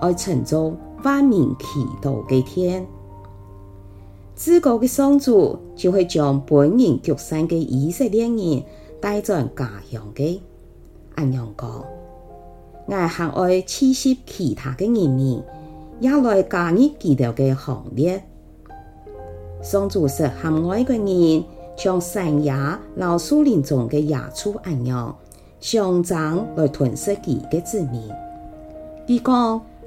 而成做萬民祈禱的天，知覺的宋祖就會將本人出生的以色列人帶進家鄉嘅。同樣講，我恨愛刺殺其他嘅人，也來加入祈禱的行列。上主是恨愛嘅人，像山野、老樹林中嘅野豬一樣，生長來吞噬己的子民。